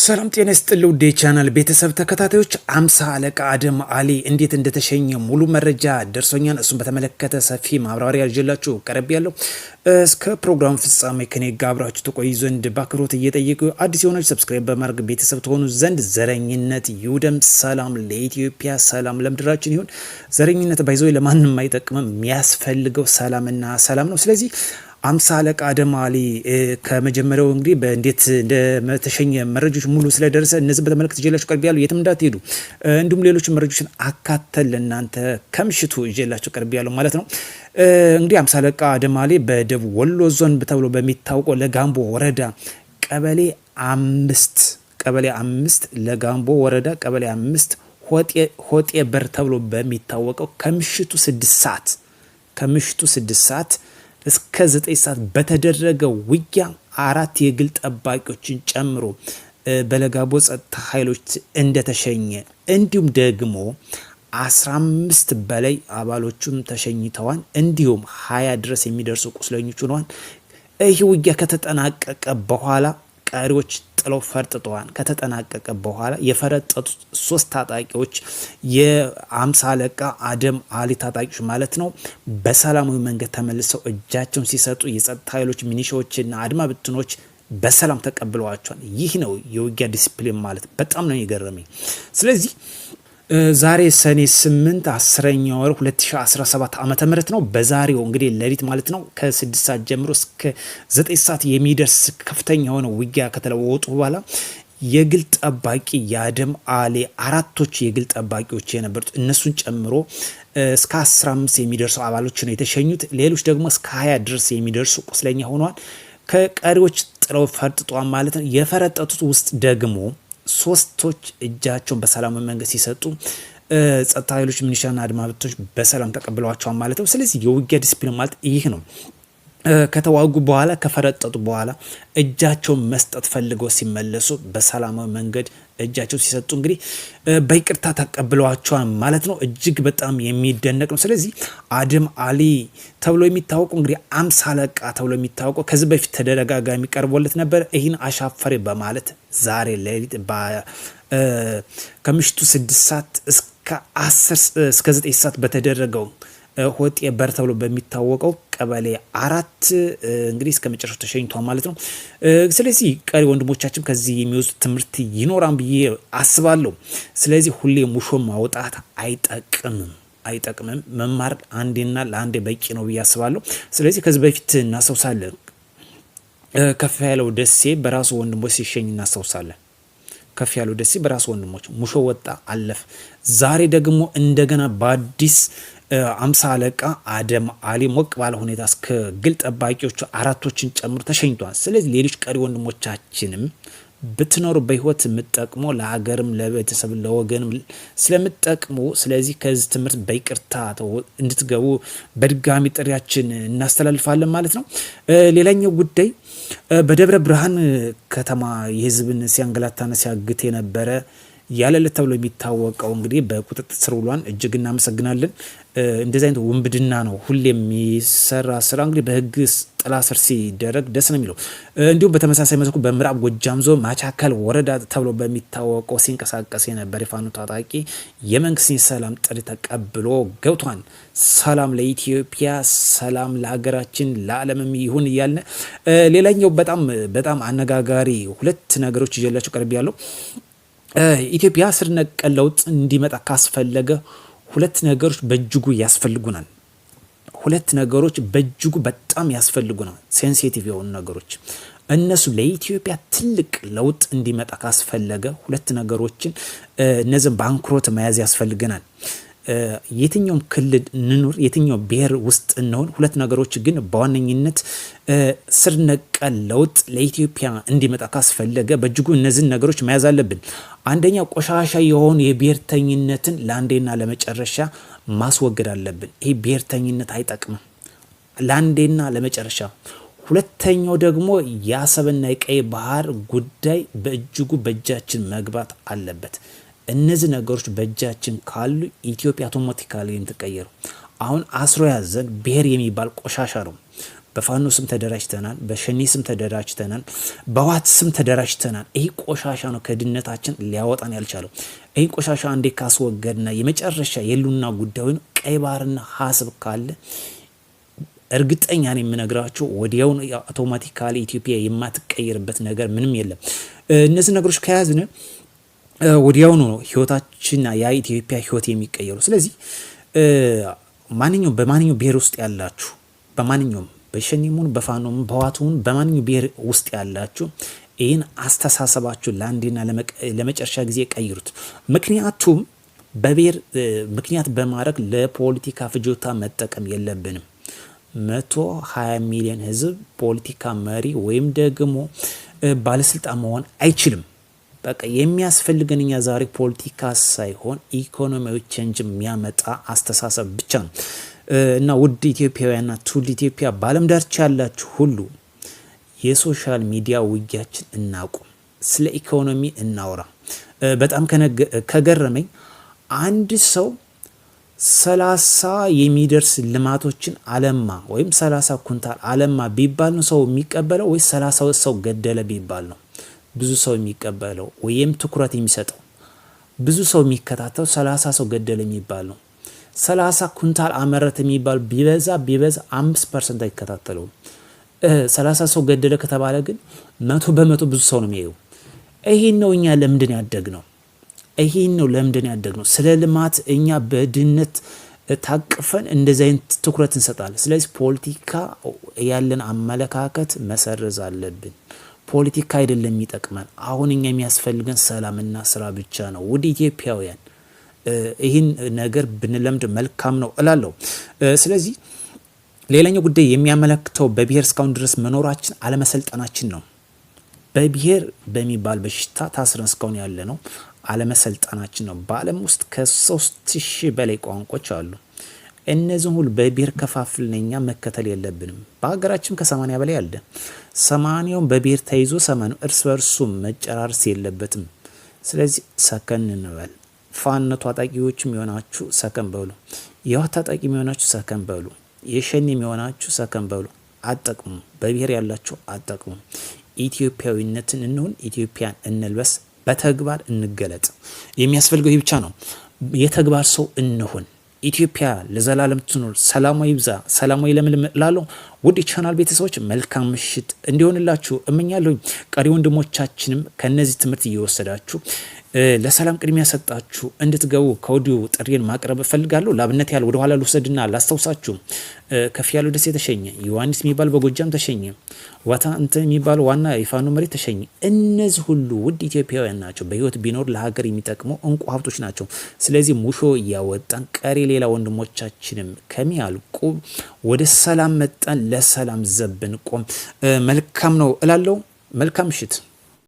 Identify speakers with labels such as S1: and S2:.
S1: ሰላም ጤና ይስጥልኝ ውዴ ቻናል ቤተሰብ ተከታታዮች፣ አምሳ አለቃ አደም አሊ እንዴት እንደተሸኘ ሙሉ መረጃ ደርሶኛል። እሱን በተመለከተ ሰፊ ማብራሪያ ይዤላችሁ ቀረብ ያለው እስከ ፕሮግራም ፍጻሜ ከኔ ጋር አብራችሁ ተቆዩ ዘንድ በአክብሮት እየጠየቁ አዲስ የሆነች ሰብስክራይብ በማድረግ ቤተሰብ ተሆኑ ዘንድ ዘረኝነት ይውደም። ሰላም ለኢትዮጵያ፣ ሰላም ለምድራችን ይሁን። ዘረኝነት ባይዞ ለማንም አይጠቅምም። የሚያስፈልገው ሰላምና ሰላም ነው። ስለዚህ አምሳ አለቃ አደም ከመጀመሪያው እንግዲህ በእንዴት እንደተሸኘ መረጃዎች ሙሉ ስለደረሰ እነዚህ በተመለከተ ይዤላችሁ ቀርብ ያሉ የትም እንዳትሄዱ፣ እንዲሁም ሌሎች መረጃዎችን አካተል እናንተ ከምሽቱ ይዤላችሁ ቀርብ ያለው ማለት ነው። እንግዲህ አምሳ አለቃ አደም በደቡብ ወሎ ዞን ተብሎ በሚታወቀው ለጋምቦ ወረዳ ቀበሌ አምስት ቀበሌ አምስት ለጋምቦ ወረዳ ቀበሌ አምስት ሆጤ በር ተብሎ በሚታወቀው ከምሽቱ ስድስት ሰዓት ከምሽቱ ስድስት ሰዓት እስከ ዘጠኝ ሰዓት በተደረገ ውጊያ አራት የግል ጠባቂዎችን ጨምሮ በለጋቦ ጸጥታ ኃይሎች እንደተሸኘ እንዲሁም ደግሞ 15 በላይ አባሎቹም ተሸኝተዋል። እንዲሁም ሀያ ድረስ የሚደርሱ ቁስለኞች ሆነዋል። ይህ ውጊያ ከተጠናቀቀ በኋላ ቀሪዎች ጥለው ፈርጥጠዋል። ከተጠናቀቀ በኋላ የፈረጠጡት ሶስት ታጣቂዎች የአምሳ አለቃ አደም አሊ ታጣቂዎች ማለት ነው በሰላማዊ መንገድ ተመልሰው እጃቸውን ሲሰጡ የጸጥታ ኃይሎች ሚኒሻዎችና አድማ ብትኖች በሰላም ተቀብለዋቸዋል። ይህ ነው የውጊያ ዲስፕሊን ማለት በጣም ነው የገረመኝ። ስለዚህ ዛሬ ሰኔ 8 10ኛ ወር 2017 ዓ ም ነው። በዛሬው እንግዲህ ሌሊት ማለት ነው ከ6 ሰዓት ጀምሮ እስከ 9 ሰዓት የሚደርስ ከፍተኛ የሆነ ውጊያ ከተለወጡ በኋላ የግል ጠባቂ የአደም አሌ አራቶች የግል ጠባቂዎች የነበሩት እነሱን ጨምሮ እስከ 15 የሚደርሱ አባሎች ነው የተሸኙት። ሌሎች ደግሞ እስከ 20 ድረስ የሚደርሱ ቁስለኛ ሆኗል። ከቀሪዎች ጥለው ፈርጥጧ ማለት ነው። የፈረጠጡት ውስጥ ደግሞ ሶስቶች እጃቸውን በሰላማዊ መንገድ ሲሰጡ ጸጥታ ኃይሎች ሚኒሻና አድማ ብቶች በሰላም ተቀብለዋቸዋል ማለት ነው። ስለዚህ የውጊያ ዲስፕሊን ማለት ይህ ነው። ከተዋጉ በኋላ ከፈረጠጡ በኋላ እጃቸውን መስጠት ፈልገው ሲመለሱ በሰላማዊ መንገድ እጃቸው ሲሰጡ እንግዲህ በይቅርታ ተቀብለዋቸዋል ማለት ነው። እጅግ በጣም የሚደነቅ ነው። ስለዚህ አደም አሊ ተብሎ የሚታወቁ እንግዲህ አምሳ አለቃ ተብሎ የሚታወቀው ከዚህ በፊት ተደጋጋሚ ቀርቦለት ነበር። ይህን አሻፈሬ በማለት ዛሬ ሌሊት ከምሽቱ ስድስት ሰዓት እስከ ዘጠኝ ሰዓት በተደረገው ሆጤ በር ተብሎ በሚታወቀው ቀበሌ አራት እንግዲህ እስከ መጨረሻው ተሸኝቷል ማለት ነው። ስለዚህ ቀሪ ወንድሞቻችን ከዚህ የሚወስድ ትምህርት ይኖራን ብዬ አስባለሁ። ስለዚህ ሁሌ ሙሾ ማውጣት አይጠቅምም አይጠቅምም። መማር አንዴና ለአንዴ በቂ ነው ብዬ አስባለሁ። ስለዚህ ከዚህ በፊት እናስታውሳለን፣ ከፍ ያለው ደሴ በራሱ ወንድሞች ሲሸኝ እናስታውሳለን። ከፍ ያለው ደሴ በራሱ ወንድሞች ሙሾ ወጣ አለፍ። ዛሬ ደግሞ እንደገና በአዲስ አምሳ አለቃ አደም አሊ ሞቅ ባለ ሁኔታ እስከ ግል ጠባቂዎቹ አራቶችን ጨምሮ ተሸኝቷል። ስለዚህ ሌሎች ቀሪ ወንድሞቻችንም ብትኖሩ በህይወት የምትጠቅሙ ለሀገርም፣ ለቤተሰብ፣ ለወገንም ስለምትጠቅሙ ስለዚህ ከዚህ ትምህርት በይቅርታ እንድትገቡ በድጋሚ ጥሪያችን እናስተላልፋለን ማለት ነው። ሌላኛው ጉዳይ በደብረ ብርሃን ከተማ የህዝብን ሲያንገላታና ሲያግት የነበረ ያለለት ተብሎ የሚታወቀው እንግዲህ በቁጥጥር ስር ውሏን እጅግ እናመሰግናለን። እንደዚህ አይነት ውንብድና ነው ሁሌ የሚሰራ ስራ እንግዲህ በህግ ጥላ ስር ሲደረግ ደስ ነው የሚለው። እንዲሁም በተመሳሳይ መልኩ በምዕራብ ጎጃም ዞን ማቻከል ወረዳ ተብሎ በሚታወቀው ሲንቀሳቀስ የነበር የፋኖ ታጣቂ የመንግስትን ሰላም ጥሪ ተቀብሎ ገብቷን። ሰላም ለኢትዮጵያ፣ ሰላም ለሀገራችን፣ ለዓለምም ይሁን እያልን ሌላኛው በጣም በጣም አነጋጋሪ ሁለት ነገሮች ይዤላቸው ቀርብ ያለው ኢትዮጵያ ስር ነቀል ለውጥ እንዲመጣ ካስፈለገ ሁለት ነገሮች በእጅጉ ያስፈልጉናል። ሁለት ነገሮች በእጅጉ በጣም ያስፈልጉናል፣ ሴንሲቲቭ የሆኑ ነገሮች። እነሱ ለኢትዮጵያ ትልቅ ለውጥ እንዲመጣ ካስፈለገ ሁለት ነገሮችን እነዚህም ባንክሮት መያዝ ያስፈልገናል። የትኛውም ክልል እንኑር፣ የትኛው ብሔር ውስጥ እንሆን፣ ሁለት ነገሮች ግን በዋነኝነት ስር ነቀል ለውጥ ለኢትዮጵያ እንዲመጣ ካስፈለገ በእጅጉ እነዚህን ነገሮች መያዝ አለብን። አንደኛ ቆሻሻ የሆኑ የብሔርተኝነትን ለአንዴና ለመጨረሻ ማስወገድ አለብን። ይህ ብሔርተኝነት አይጠቅምም ለአንዴና ለመጨረሻ። ሁለተኛው ደግሞ የአሰብና የቀይ ባህር ጉዳይ በእጅጉ በእጃችን መግባት አለበት። እነዚህ ነገሮች በእጃችን ካሉ ኢትዮጵያ አውቶማቲካሊ የምትቀየሩ አሁን አስሮ ያዘን ብሔር የሚባል ቆሻሻ ነው። በፋኖ ስም ተደራጅተናል፣ በሸኔ ስም ተደራጅተናል፣ በዋት ስም ተደራጅተናል። ይህ ቆሻሻ ነው ከድነታችን ሊያወጣን ያልቻለው። ይህ ቆሻሻ እንዴት ካስወገድና የመጨረሻ የሉና ጉዳዩን ቀይ ባህርና ሀስብ ካለ እርግጠኛ ነው የምነግራቸው ወዲያውን አውቶማቲካሊ ኢትዮጵያ የማትቀይርበት ነገር ምንም የለም። እነዚህ ነገሮች ከያዝን ወዲያውኑ ነው ህይወታችንና ያ ኢትዮጵያ ህይወት የሚቀየሩ። ስለዚህ ማንኛውም በማንኛውም ብሔር ውስጥ ያላችሁ በማንኛውም በሸኒሙን በፋኖም በዋቱን በማንኛው ብሔር ውስጥ ያላችሁ ይህን አስተሳሰባችሁ ለአንዴና ለመጨረሻ ጊዜ ቀይሩት። ምክንያቱም በብሔር ምክንያት በማድረግ ለፖለቲካ ፍጆታ መጠቀም የለብንም። መቶ 20 ሚሊዮን ህዝብ ፖለቲካ መሪ ወይም ደግሞ ባለስልጣን መሆን አይችልም። በቃ የሚያስፈልገን እኛ ዛሬ ፖለቲካ ሳይሆን ኢኮኖሚያዊ ቼንጅ የሚያመጣ አስተሳሰብ ብቻ ነው። እና ውድ ኢትዮጵያውያንና ትውልድ ኢትዮጵያ በዓለም ዳርቻ ያላችሁ ሁሉ የሶሻል ሚዲያ ውጊያችን እናቁም፣ ስለ ኢኮኖሚ እናውራ። በጣም ከገረመኝ አንድ ሰው ሰላሳ የሚደርስ ልማቶችን አለማ ወይም ሰላሳ ኩንታል አለማ ቢባል ነው ሰው የሚቀበለው ወይ ሰላሳ ሰው ገደለ ቢባል ነው ብዙ ሰው የሚቀበለው ወይም ትኩረት የሚሰጠው ብዙ ሰው የሚከታተው ሰላሳ ሰው ገደለ የሚባል ነው። 30 ኩንታል አመረት የሚባል ቢበዛ ቢበዛ 5 ፐርሰንት አይከታተለውም። 30 ሰው ገደለ ከተባለ ግን መቶ በመቶ ብዙ ሰው ነው የሚያየው። ይሄን ነው እኛ ለምድን ያደግ ነው። ይሄን ነው ለምድን ያደግ ነው። ስለ ልማት እኛ በድህነት ታቅፈን እንደዚህ አይነት ትኩረት እንሰጣለን። ስለዚህ ፖለቲካ ያለን አመለካከት መሰረዝ አለብን። ፖለቲካ አይደለም የሚጠቅመን። አሁን እኛ የሚያስፈልገን ሰላምና ስራ ብቻ ነው። ውድ ኢትዮጵያውያን ይህን ነገር ብንለምድ መልካም ነው እላለሁ። ስለዚህ ሌላኛው ጉዳይ የሚያመለክተው በብሔር እስካሁን ድረስ መኖራችን አለመሰልጠናችን ነው። በብሔር በሚባል በሽታ ታስረን እስካሁን ያለ ነው አለመሰልጠናችን ነው። በዓለም ውስጥ ከሶስት ሺህ በላይ ቋንቋዎች አሉ። እነዚህ ሁሉ በብሔር ከፋፍለን እኛ መከተል የለብንም። በሀገራችን ከሰማንያ በላይ አለ። ሰማንያውን በብሔር ተይዞ ሰማንያው እርስ በርሱ መጨራርስ የለበትም። ስለዚህ ሰከን እንበል። ፋኖ ታጣቂዎችም የሚሆናችሁ ሰከን በሉ። የህወሓት ታጣቂ የሆናችሁ ሰከን በሉ። የሸኔም የሚሆናችሁ ሰከን በሉ። አጠቅሙ። በብሔር ያላችሁ አጠቅሙ። ኢትዮጵያዊነትን እንሁን፣ ኢትዮጵያን እንልበስ፣ በተግባር እንገለጥ። የሚያስፈልገው ብቻ ነው። የተግባር ሰው እንሁን። ኢትዮጵያ ለዘላለም ትኑር። ሰላማዊ ይብዛ፣ ሰላማዊ ለምልም እላለሁ። ውድ ቻናል ቤተሰቦች መልካም ምሽት እንዲሆንላችሁ እመኛለሁኝ። ቀሪ ወንድሞቻችንም ከነዚህ ትምህርት እየወሰዳችሁ ለሰላም ቅድሚያ ሰጣችሁ እንድትገቡ ከወዲሁ ጥሪን ማቅረብ እፈልጋለሁ። ለአብነት ያህል ወደኋላ ልውሰድና ላስታውሳችሁ ከፍ ያለው ደሴ የተሸኘ ዮሐንስ የሚባል በጎጃም ተሸኘ፣ ዋታ እንት የሚባል ዋና የፋኖ መሬት ተሸኘ። እነዚህ ሁሉ ውድ ኢትዮጵያውያን ናቸው። በህይወት ቢኖር ለሀገር የሚጠቅሙ እንቁ ሀብቶች ናቸው። ስለዚህ ሙሾ እያወጣን ቀሪ ሌላ ወንድሞቻችንም ከሚያልቁ ወደ ሰላም መጣን፣ ለሰላም ዘብን ቆም መልካም ነው እላለሁ። መልካም ምሽት